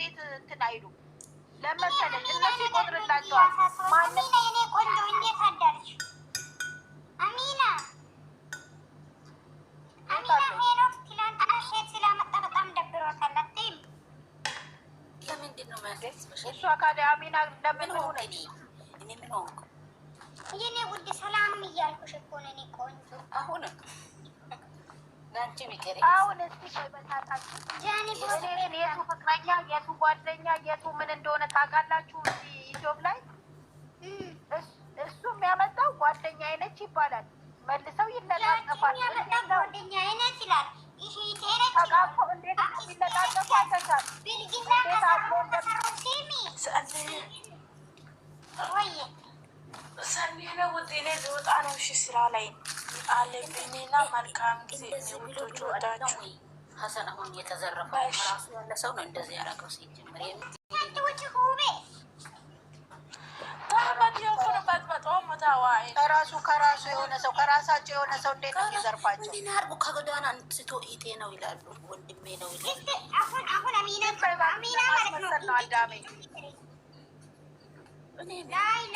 እንዴት እንትን አይሉ ለመሰለኝ እነሱ ይቆጥርላቸዋል። ማንም የኔ ቆንጆ እንዴት አዳርሽ አሚና አሚና ሄኖክ ትላንትና ሼት ስላመጣ በጣም ደብሯታል። አትይም? እሷ ካዲያ አሚና ለምን ሆነች? የኔ ውድ ሰላም እያልኩሽ እኮ ነው የኔ ቆንጆ አሁን አሁን እስኪ ቆይ በታውቃችሁ እኔን የቱ ፍቅረኛ የቱ ጓደኛ የቱ ምን እንደሆነ ታውቃላችሁ። እዚህ ኢትዮብ ላይ እሱ የሚያመጣው ጓደኛ አይነች ይባላል። መልሰው ይለጣጠፋል። ስራ ላይ ነው አለብኝና መልካም ጊዜ ውዶች ወዳችሁ ሀሰን አሁን የተዘረፈ ራሱ ያለ ሰው ነው እንደዚህ ያደረገው ሲጀምር ከራሱ ከራሱ የሆነ ሰው ከራሳቸው የሆነ ሰው እንዴት ነው የሚዘርፋቸው? ምን ከጎዳና አንስቶ ኢቴ ነው ይላሉ፣ ወንድሜ ነው ይላሉ።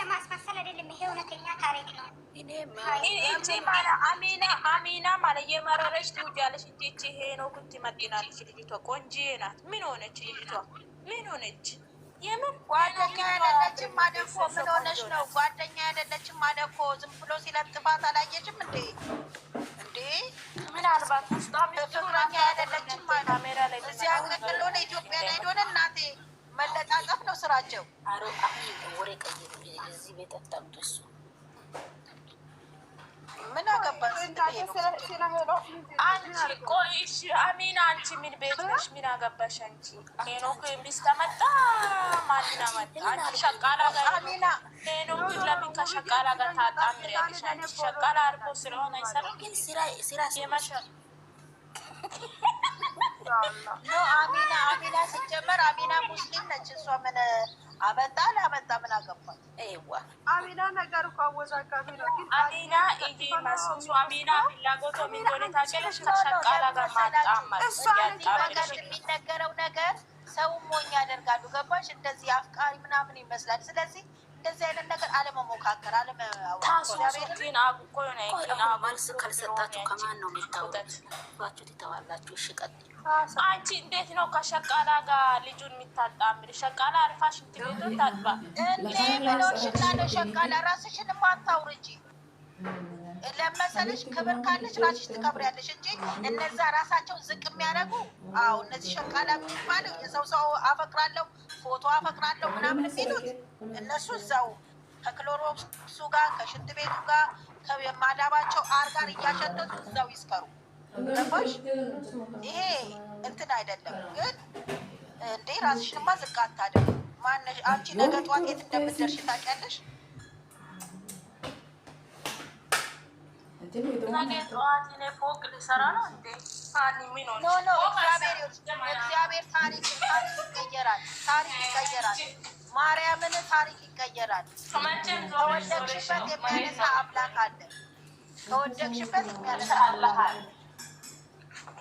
ለማስመሰል አይደለም፣ ይሄ እውነተኛ ታሪክ ነው። አሚና አሚና ማለት የመረረች ትውጃለች እንጂ ይህቺ ሄኖ ኩንቲ መጤናለች። ልጅቷ ቆንጆ ናት። ምን ሆነች ልጅቷ? ምን ሆነች? የምን ጓደኛ አይደለችም አደኮ። ምን ሆነች ነው? ጓደኛ አይደለችም አደኮ። ዝም ብሎ ሲለጥፋት አላየችም እንዴ? እንዴ ምናልባት ውስጧ ፍቅረኛ አይደለችም ማለት እዚህ አቅልሎ ለኢትዮጵያ ላይ እንደሆነ እናቴ መለጣጠፍ ነው ስራቸው። አሮ አሁን ወሬ ቀይሩ። እዚህ ቤት ጠምጡ ምን አገባን? አንቺ ቆይ እሺ፣ አሚና አንቺ ምን ቤት ነሽ? ምን አገባሽ አንቺ? ሄኖክ ሚስት አመጣ ማንን አመጣ? አንቺ ሸቃላ ጋር አሚና ሄኖክ ለምን ከሸቃላ ጋር ታጣምሪያለሽ? አንቺ ሸቃላ አርጎ ስለሆነ ይሰራል ስራ የመሸ አሚና አሚና ሲጀመር አሚና ሙስሊም ነች እሷ ምን አመጣ ላመጣ ምን አገባኝ። አሚና ነገር እኮ አወዛጋቢ ነው። ግን አሚና እጂ ማሰሱ አሚና ፍላጎቶ ምን ሆነ ታጨለሽ ተሸቃላ ጋር ማጣማ እሱ የሚነገረው ነገር ሰው ሞኝ ያደርጋሉ። ገባሽ? እንደዚህ አፍቃሪ ምናምን ይመስላል። ስለዚህ እንደዚህ አይነት ነገር አለመሞካከር አለመታሶሶቴን ካልሰጣችሁ ከማን ነው የሚታወቁት የተባላችሁ? እሺ ቀጥሉ። አንቺ እንዴት ነው ከሸቃላ ጋር ልጁን የሚታጣምር? ሸቃላ አርፋ ሽንት ቤቱን ታጥባ እንዴ ብለውሽና ነው ሸቃላ ራስሽን ማታውርጂ ለመሰለሽ ክብር ካለች ራስሽ ትከብሪያለሽ እንጂ እነዛ ራሳቸው ዝቅ የሚያደርጉ አዎ፣ እነዚህ ሸቃላ የሚባለው የሰው ሰው አፈቅራለሁ፣ ፎቶ አፈቅራለሁ ምናምን የሚሉት እነሱ እዛው ከክሎሮክሱ ጋር ከሽንት ቤቱ ጋር ከማዳባቸው አር ጋር እያሸተቱ እዛው ይስከሩ። ገባሽ? ይሄ እንትን አይደለም ግን እንዴ ራስሽንማ ዝቅ አታድርግ። ማነሽ አንቺ ነገ ጠዋት የት እንደምትደርሽ ታውቂያለሽ? እግዚአብሔር ታሪክ ይቀየራል። ታሪክ ይቀየራል። ማርያምን ታሪክ ይቀየራል። ከወደቅሽበት የሚያነሳ አምላክ አለ። ከወደቅሽበት የሚያነሳ አምላክ አለ።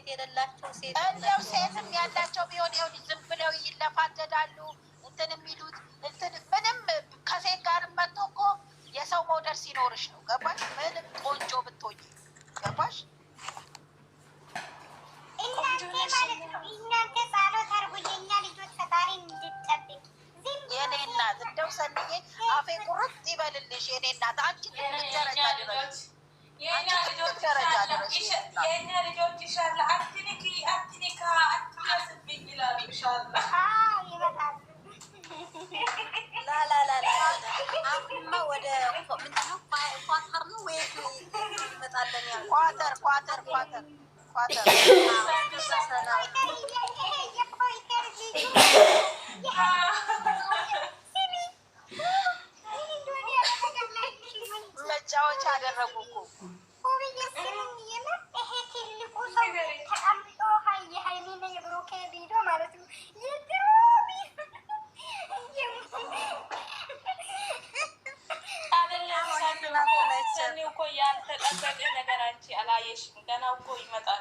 ሴት የሌላቸው ሴት እንደው ሴትም ያላቸው ቢሆን ይኸው ዝም ብለው ይለፋደዳሉ። ገና እኮ ይመጣል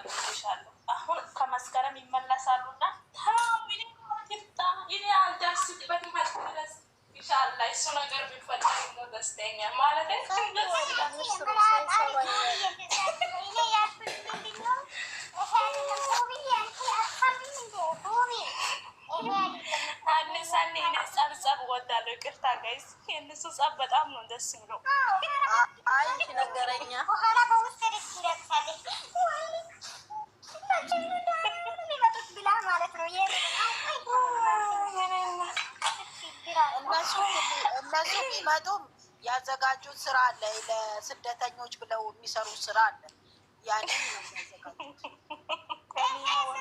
የሚያዘጋጁት ስራ አለ። ለስደተኞች ብለው የሚሰሩ ስራ አለ። ያንን ነው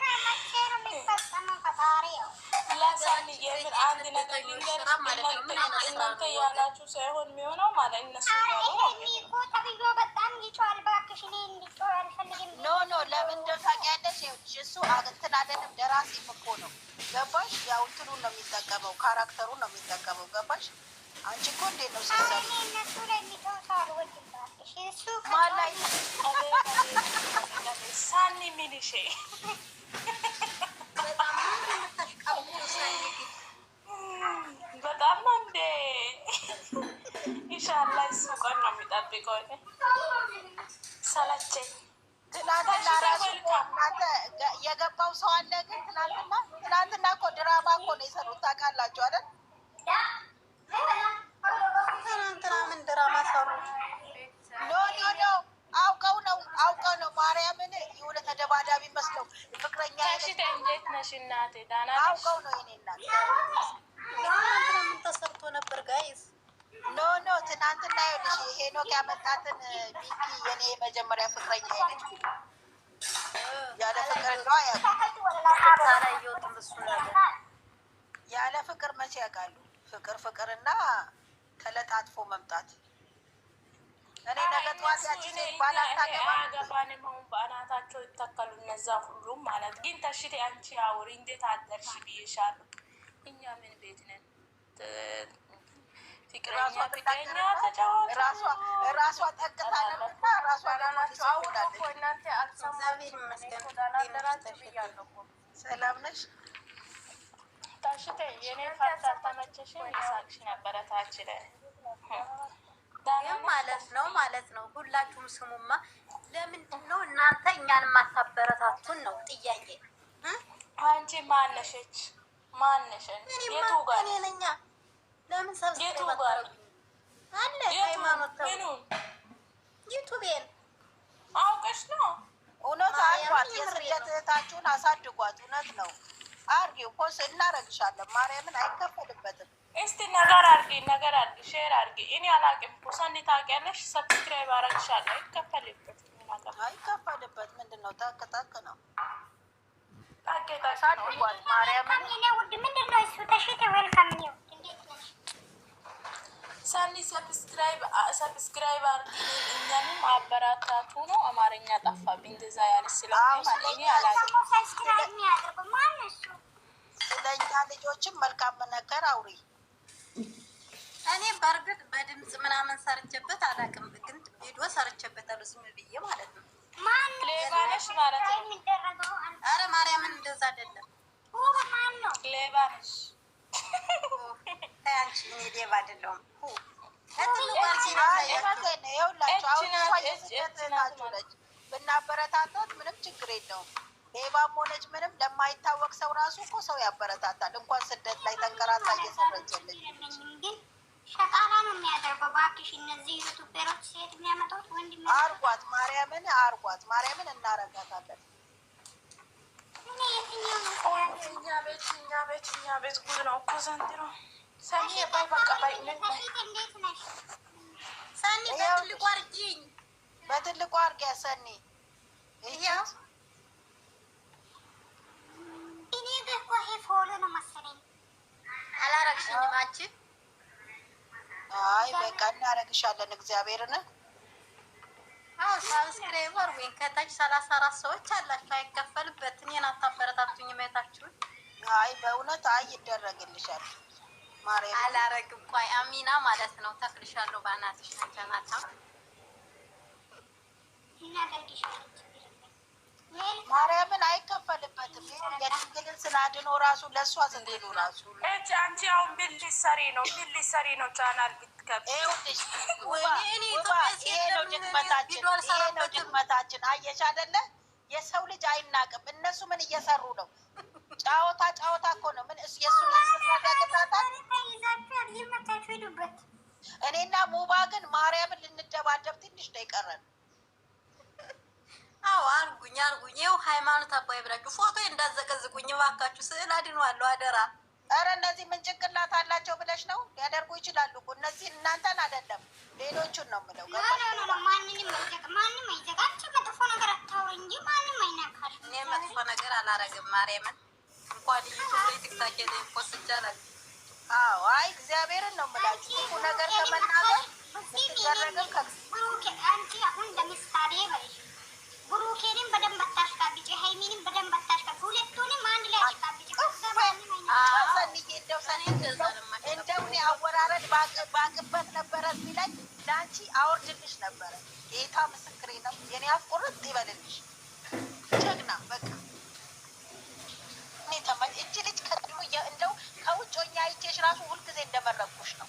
እናንተ ያላችሁ ሳይሆን የሚሆነው ማለት እነሱ ኖ ኖ ለምንድን ታውቂያለሽ? እሱ እንትን አይደለም ደራሲ እኮ ነው ገባሽ? ያው እንትኑን ነው የሚጠቀመው፣ ካራክተሩን ነው የሚጠቀመው ገባሽ? አንቺ እኮ እንዴት ነው ሳኒ ሚሊሼ በጣም ነው እንዴ? ኢንሻላ እሱ ቆን ነው የሚጠብቀው። ሰለቸኝ ትናንትና ራሱ ይፈለጋሉ። ፍቅር ፍቅርና ተለጣጥፎ መምጣት እኔ ነገ ጠዋት ያችን ባላታገባገባንም አሁን ይተከሉ እነዛ ሁሉም ማለት ግን ተሽቴ አንቺ አውሪ እንዴት አደርሽ ብዬሻሉ። እኛ ምን ቤት ነን? ሰላም ነሽ? የኔ ፋታ ማለት ነው ማለት ነው። ሁላችሁም ስሙማ፣ ለምንድን ነው እናንተ እኛን የማታበረታቱን ነው ጥያቄ። አንቺ ማነሸች ማነሸን ነኛ? ለምን ሰብስቱ አለ ሃይማኖት ተብሎ ዩቱቤን አውቀሽ ነው እውነት። አልኳት የስደት እህታችሁን አሳድጓት። እውነት ነው አርጊው ኮስ እናረግሻለን። ማርያምን አይከፈልበትም። እስቲ ነገር አርጊ፣ ነገር አርጊ፣ ሼር አርጊ። እኔ አላቅም። ኮስ እንዴት ታውቂያለሽ? ሰብስክራይብ አረግሻለሁ። አይከፈልበት፣ አይከፈልበት። ምንድን ነው ጠቅ ጠቅ ነው። ማርያምን ምንድን ነው እሱ ተሽት ወልካም ነው ሳኒ ሰብስክራይብ ሰብስክራይብ አርጊ፣ እኛንም አበራታቱ ነው። አማርኛ ጠፋብኝ። እንደዛ ያለ ስለኛ ልጆችም መልካም ነገር አውሪ። እኔ በእርግጥ በድምፅ ምናምን ሰርቼበት አላውቅም፣ ግን ቪዲዮ ሰርቼበት ዝም ብዬ ማለት ነው። ሌባ ነሽ ማለት ነው። አረ ማርያምን እንደዛ አይደለም፣ ሌባ ነሽ ብናበረታታት ምንም ችግር የለውም። ሌባም ሆነች ምንም ለማይታወቅ ሰው ራሱ እኮ ሰው ያበረታታል። እንኳን ስደት ላይ ተንከራታ እየሰረችልኝ ሸቃላ ነው የሚያደርገው። እባክሽ እነዚህ ዩቱቤሮች ሴት የሚያመጣት ወንድ አርጓት፣ ማርያምን አርጓት፣ ማርያምን እናረጋታለን ቤት ጉድ ነው እኮ ዘንድሮ። ሰኒ ባይ በቃ ባይ ሰኒ በትልቁ አርጊኝ፣ በትልቁ አርጊያ ሰኒ እኔ ገኮ ይሄ ፎሎ ነው መሰለኝ አላረግሽኝም አንቺ። አይ በቃ እናረግሻለን እግዚአብሔርን አሁን ሳብስክራይበር ወይም ከታች ሰላሳ አራት ሰዎች አላችሁ። አይከፈልበት። እኔን አታበረታቱኝ። መታችሁን። አይ በእውነት አይ ይደረግልሻል። ማርያም አላረግም። ቆይ አሚና ማለት ነው። ተክልሻለሁ። ባናትሽ ናቸናታ ማርያምን አይከፈልበትም። የድንግልን ስናድኖ ራሱ ለእሷ ስትሉ ራሱ አንቺ አሁን ምን ሊሰሪ ነው? ምን ሊሰሪ ነው? ቻናል ነው ድክመታችን። አየሽ አይደለ? የሰው ልጅ አይናቅም። እነሱ ምን እየሰሩ ነው? ጫወታ ጫወታ እኮ ነው። ምን የሱ እኔና ሙባ ግን ማርያምን ልንደባደብ ትንሽ ነው የቀረን። አዎ አርጉኝ አርጉኝ። ይኸው ሃይማኖት አባይ ብላችሁ ፎቶ እንዳዘቀዝቁኝ እባካችሁ፣ ስዕል አድኗዋለሁ አደራ። ኧረ እነዚህ ምን ጭንቅላት አላቸው ብለሽ ነው? ሊያደርጉ ይችላሉ እኮ እነዚህ። እናንተን አይደለም ሌሎቹን ነው የምለው። ማንም አይዘጋችሁ። እኔ መጥፎ ነገር አላረግም። ማርያምን እንኳን ልዩቱ ላይ ትግታጌ አዎ አይ እግዚአብሔርን ነው የምላችሁ። ክፉ ነገር ከመናገር ምትደረግም ከአንቺ አሁን ለምሳሌ በልሽ ብሩኬንም በደንብ አታሽቃብጭ፣ ሀይሚንም በደንብ አታሽቃብጭ። ሁለቱንም አንድ ላይ አሽቃብጭ። እንደው እኔ አወራረድ ባቅበት ነበረ ሚላይ ለአንቺ አወርድልሽ ነበረ። ጌታ ምስክሬ ነው። የኔ አፍ ይበልልሽ። ጀግና በቃ እኔ ተመ እጅ ልጅ ከድሞ እንደው ከውጭ ኛ አይቼሽ ራሱ ሁልጊዜ እንደመረቁሽ ነው።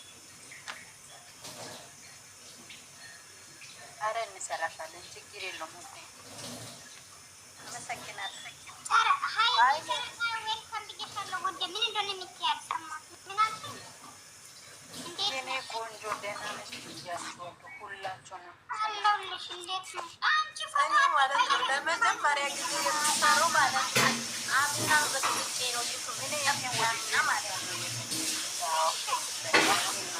አረ እንሰራሻለን፣ ችግር የለውም። ቆንጆ ደህና ነሽ? ሁላችሁንም ማለት ነው ለመጀመሪያ ጊዜ የምሰራው ማለት ነው ነው ማለት ነው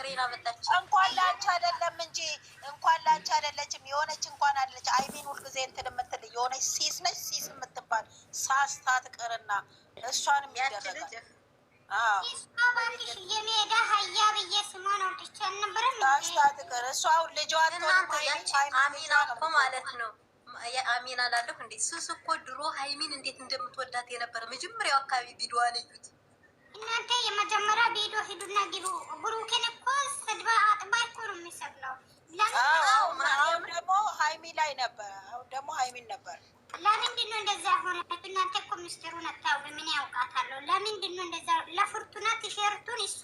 ፍሬን አመጣች። እንኳን ላንቺ አይደለም እንጂ እንኳን ላንቺ አይደለችም። የሆነች እንኳን አለች። አይሚን ሁልጊዜ እንትን የምትል የሆነች ሲስ ነች። ሲስ የምትባል ሳስታ ትቅርና እሷንም ያደረጋል። የሜዳ አህያ ብዬ ስሟን እኮ እንዴት ድሮ ሀይሚን እንዴት እንደምትወዳት የነበረ መጀመሪያው አካባቢ ቪዲዮዋን እዩት እናንተ። የመጀመሪያ ቪዲዮ ሂዱና ግሩ ግሩክን አሁን ደግሞ ሀይሚ ላይ ነበር። አሁን ደግሞ ሀይሚን ነበር። ለምንድን ነው እንደዛ ሆነ? እናንተ እኮ ምስጢሩን አታውቅም። ምን ያውቃታለሁ? ለምንድን ነው እንደዛ? ለፍርቱና ቲሸርቱን እሷ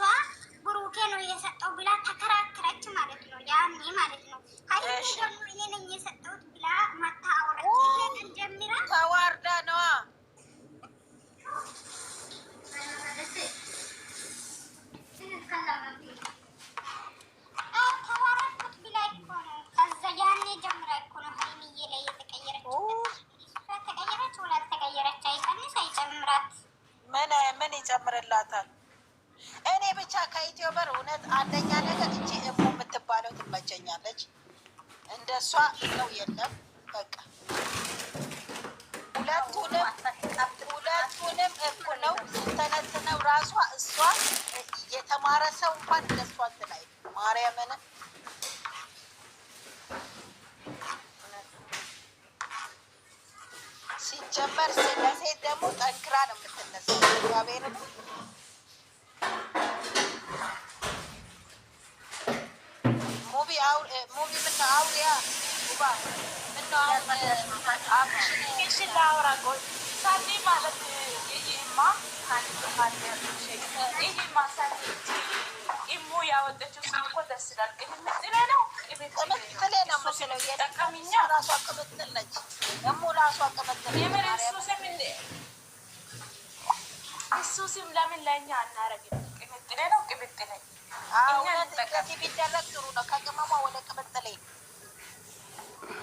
ሲጀመር ለሴት ደግሞ ጠንክራ ነው የምትነሳው። እግዚአብሔርን ሙቪ ሙቪ ምና አውሪያ ጉባ ምና ላውራ ጎል ሳኔ ማለት ይሄማ ይሄማ ሳኔ ኢሙ ያወጣችው ስም እኮ ደስ ይላል። ቅምጥሌ ነው ቅምጥሌ ነው መስለው የጠቀምኛ ራሷ ቅምጥል ነች። ደግሞ ራሷ እሱ ስም ለምን ለእኛ አናረግም? ቅምጥሌ ነው ቅምጥሌ ቢደረግ ጥሩ ነው። ከቅመማ ወደ ቅምጥሌ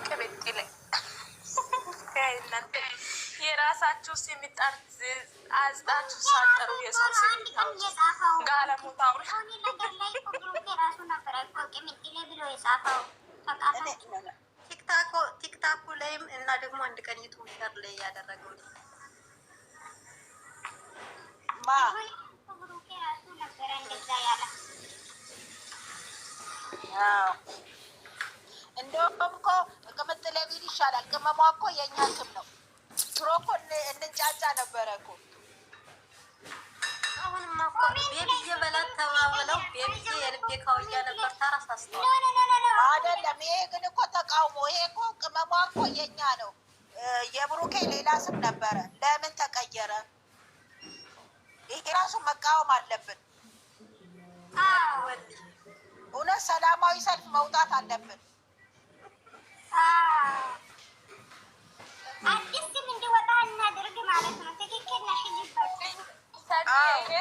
ቅምጥሌ የራሳችሁ ስም አዝጣችሁ ሳጠሩ የሰው ስም ጋለሞታው ነገር ቅምጥሌ ብሎ የጻፈው ቲክታኩ ላይም እና ደግሞ አንድ ቀን ዩቱብ ላይ ያደረገው እንደውም እኮ ቅምጥ ለቢል ይሻላል። ቅመሟ እኮ የእኛ ክም ነው። ድሮ እኮ እንጫጫ ነበረ እኮ አሁንማ እኮ ቤቢዬ በላት ተባብለው ቤቢዬ የልቤ ካውያ ነበር። ተረሳስተዋል አይደለም? ይሄ ግን እኮ ተቃውሞ ይሄ እኮ ቅመሟ እኮ የኛ ነው። የብሩኬ ሌላ ስም ነበረ። ለምን ተቀየረ? ይሄ ራሱ መቃወም አለብን። እውነት ሰላማዊ ሰልፍ መውጣት አለብን።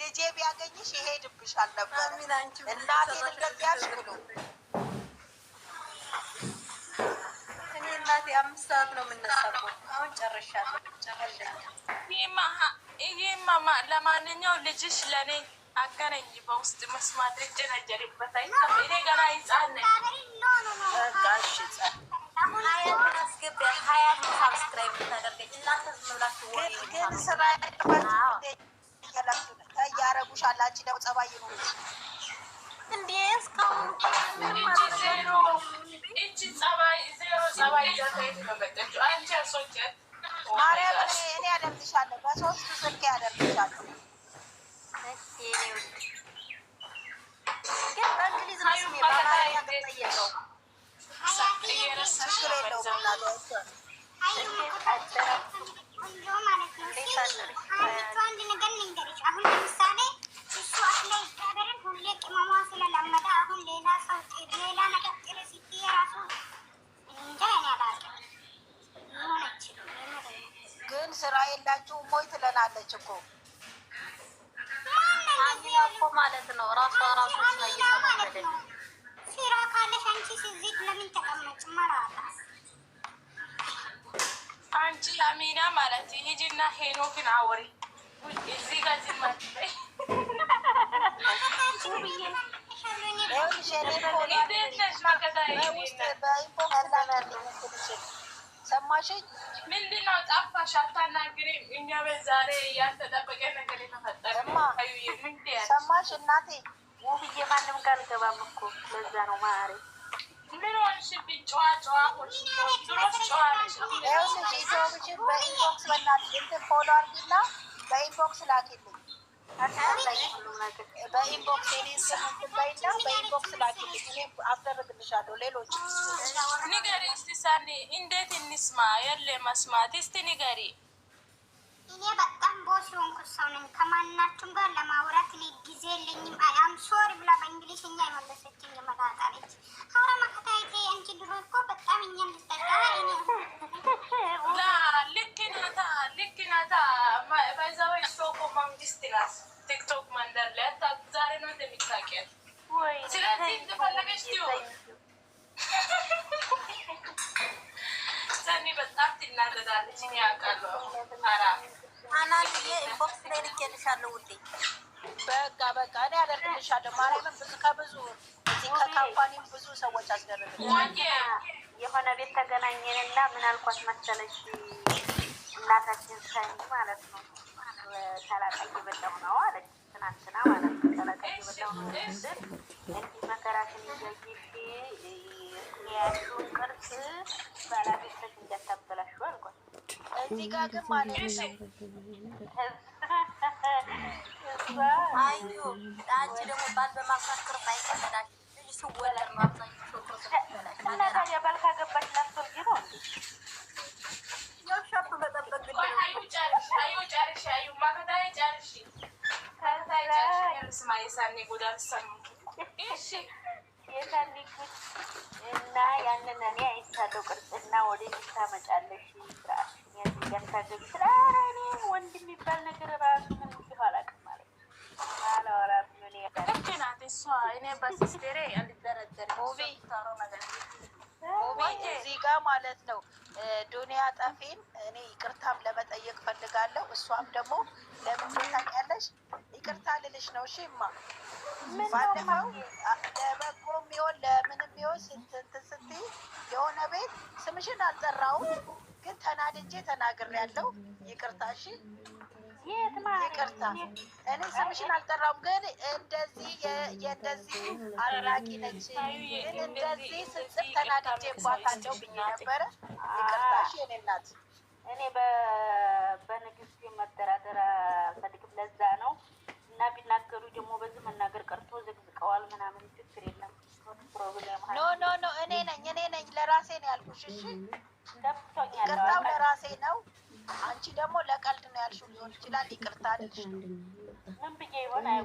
ልጄ ቢያገኝሽ ይሄድብሻል ነበር። እናቴን እንደሚያልሽ ብሎ እኔ እናቴ አምስት ሰዓት ነው የምነሳው። አሁን ጨርሻለሁ። ይህማ ለማንኛው ልጅሽ ለእኔ አገነኝ በውስጥ መስማት ልጀነጀሪበት እኔ ገና ይጻን ነኝ ግን ስራ ያላችሁ ያረጉሻል። አንቺ ደግሞ ጸባይ ነው እንዴ? ማርያም እኔ ያደርግሻለሁ፣ በሶስት ስልክ ያደርግሻለሁ። አሁን ለምሳሌ እሱ አፍላ ይጋበርን ሁሌ ቅመሟ ስለለመደ አሁን ሌላ ሰው ሌላ ነገር ሲት የራሱ እንጃ እኔ አላውቅም። ግን ስራ የላችሁም ወይ ትለናለች እኮ እኮ ማለት ነው ራሷ ራሱ ማለት ነው። ስራ ካለሽ አንቺ ለምን ተቀመጭ አንቺ አሚና ማለት ሄኖክን ሰማሽኝ? ምንድን ነው ጠፋሽ? አታናግሪም? እኛ ዛሬ ያልተጠበቀ ነገር የተፈጠረ ሰማሽ? እናቴ ውብዬ ማንም ጋር አልገባም እኮ ለዛ ነው ማሬ ምን ሆንሽብኝ? ጨዋ ጨዋ ሆንሽ ድሮስ ጨዋ ነሽ። ይኸውልሽ ኢትዮብሽን በኢንቦክስ በእናትሽ እንትን ፎሎ አድርጊና በኢንቦክስ ላኪልኝ። በኢንቦክስ የእኔን ንገሪ እስቲ ሳኒ፣ እንዴት እንስማ? የለ መስማት እስቲ ንገሪ እኔ በጣም ቦስ የሆንኩት ሰው ነኝ። ከማናችሁም ጋር ለማውራት እኔ ጊዜ የለኝም። አም ሶሪ ብላ በእንግሊዝኛ የመለሰችኝ የመጣጣለች አውራ መከታይቴ እንጂ ድሮ እኮ በጣም እኛ ልጠቃ ልክናታ ልክናታ ባይዛዎች ሶቆ መንግስት ናት ቲክቶክ መንደር ላይ ዛሬ ነው እንደሚታቂያል ስለዚህ እንደፈለገች ትሆን አንዳንዴ በጣም ትናደዳለች። እኔ አውቃለሁ። አናንዬ ኢንቦክስ ላይ ልኬልሻለሁ ውዴ። በቃ በቃ እኔ አደርግልሻለሁ። ማርያምን ብዙ ከብዙ እዚህ ከካምፓኒም ብዙ ሰዎች አስደረግልኝ። የሆነ ቤት ተገናኘንና ምን አልኳት መሰለሽ እናታችን ሳይ ማለት ነው ሰላጣ እየበላሁ ነው አለች። ትናንትና ማለት ነው ሰላጣ እየበላሁ ነው እንዲህ መከራሽን ይዘይቤ ባለቤቶች እንዳታበላሹ አልኳት። እዚህ ጋር ግን ማለት ነው አዩ አንቺ ደግሞ ባል በማካከር አይቀመዳል ልጅ ስወለድ ነው አብዛኛው ሰው ታዲያ ባል ካገባች ላትወልጂ ነው እንዴ? የውሻቱ መጠበቅ ግድ ነው። አዩ ጨርሽ፣ አዩ ማታ ጨርሽ፣ ከዛ ጨርሽ ስማ የሳኔ ጎዳ ሰሙ እሺ የፈልጉት እና ያንን እኔ አይቻለሁ። ቅርጽና ወደ ታመጫለሽ ስርአትሽን ወንድ የሚባል ነገር ራሱ ምን አላውቅም ማለት እዚህ ጋ ማለት ነው። ዱኒያ ጠፊን እኔ ይቅርታም ለመጠየቅ ፈልጋለሁ። እሷም ደግሞ ለምን ታውቂያለሽ ይቅርታ ልልሽ ነው። እሺ ማ ባለፈው ለበጎ የሚሆን ለምንም የሚሆን ስንት ስንት የሆነ ቤት ስምሽን አልጠራውም፣ ግን ተናድጄ ያለው ይቅርታ እሺ፣ ይቅርታ። እኔ ስምሽን አልጠራውም፣ ግን እንደዚህ የእንደዚህ ነች፣ ግን እንደዚህ ስንጽፍ ተናድጄ ባታለው ብዬ ነበረ። ይቅርታ እሺ። እናት እኔ በንግስት መደራደር አልፈልግም። ለዛ ነው እና ቢናገሩ ደግሞ በዚህ መናገር ቀርቶ ዘግዝቀዋል ምናምን ችግር የለም። ኖ ኖ ኖ እኔ ነኝ እኔ ነኝ ለራሴ ነው ያልኩሽ። እሺ ይቅርታው ለራሴ ነው። አንቺ ደግሞ ለቀልድ ነው ያልሽው ሊሆን ይችላል። ይቅርታ አልሽ። ምን ብዬ ይሆን አይ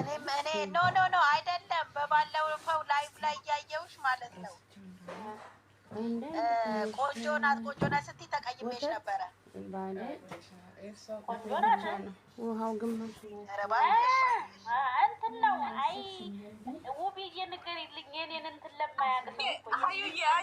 እኔም እኔ ኖ ኖ ኖ አይደለም። በባለፈው ላይቭ ላይ እያየውሽ ማለት ነው ቆንጆ ናት፣ ቆንጆ ናት ስትይ ተቀይሜሽ ነበረ። ቆንጆ ናት። ውሀው ግማሽ ነው። አይ ውብዬ ንገሪልኝ የእኔን እንትን ለማያውቅ ነው እኮ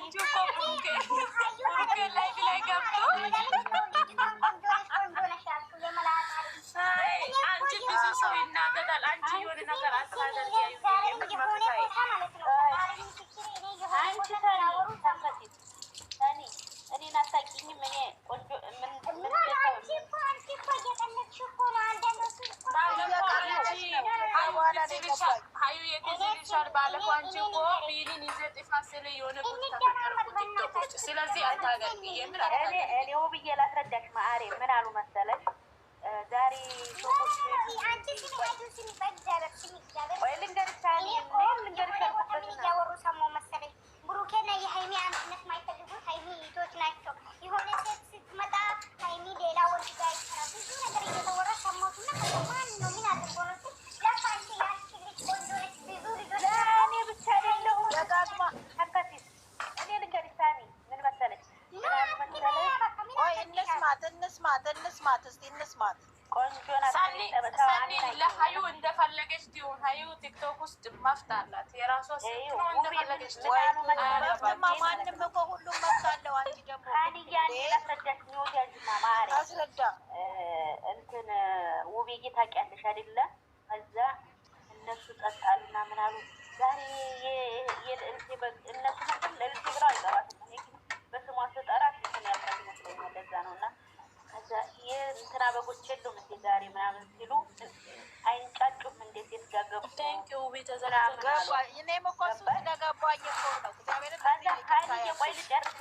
እንስማት፣ እስቲ እንስማት። ሰኒ ለሀዩ እንደፈለገች ትሆን። ሀዩ ቲክቶክ ውስጥ መፍት አላት የራሷ እንደፈለገች ማንም እኮ ሁሉም መፍት አለው። አንቺ ደግሞ አስረዳ እንትን ውብዬ ታውቂያለሽ አይደለ? ከዛ እነሱ ጠጣሉና ምናሉ ዛሬ እነሱ እንትና በጎች የሉም እንዴ ዛሬ ምናምን ሲሉ አይንጫጩም እንዴ ሴት ጋር ገቡ ምናምን። እኔም እኮ እሱ ጋር ነው። ከዛ ሀይልዬ ቆይ ልጨርስ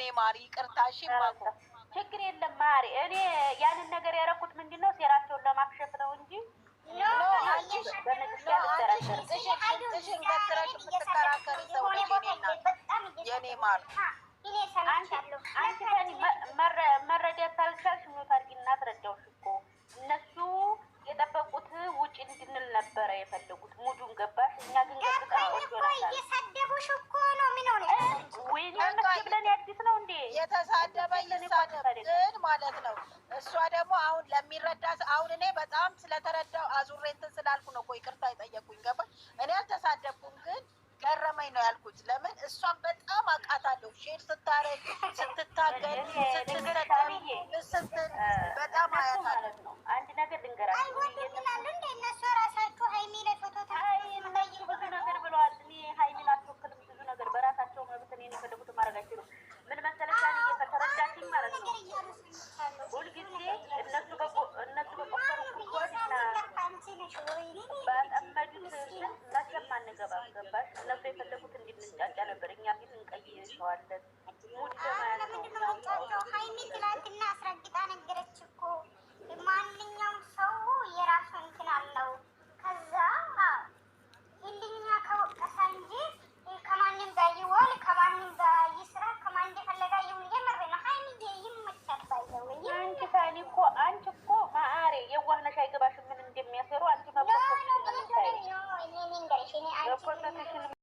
እኔ ማሪ ይቅርታ። እሺ ችግር የለም ማሪ። እኔ ያንን ነገር ያደረኩት ምንድን ነው ሴራቸውን ለማክሸፍ ነው እንጂ የኔ ማር እኮ እነሱ የጠበቁት ውጭ እንድንል ነበረ የፈለጉት ሙዱን ገባሽ። እኛ ግን እኮ ነው ምን ሆነ ብለን ያዲስ ነው እንዴ የተሳደበ ይሳደብ ማለት ነው። እሷ ደግሞ አሁን ለሚረዳ አሁን እኔ በጣም ስለተረዳው አዙሬ እንትን ስላልኩ ነው እኮ ይቅርታ የጠየቁኝ ገባሽ። እኔ አልተሳደብኩም ግን ገረመኝ ነው ያልኩት። ለምን እሷን በጣም አውቃታለሁ። ሼር ስታረግ ስትታገል ስትሰዳብዬ ስትል በጣም አያታለሁ። አንድ ነገር ልንገር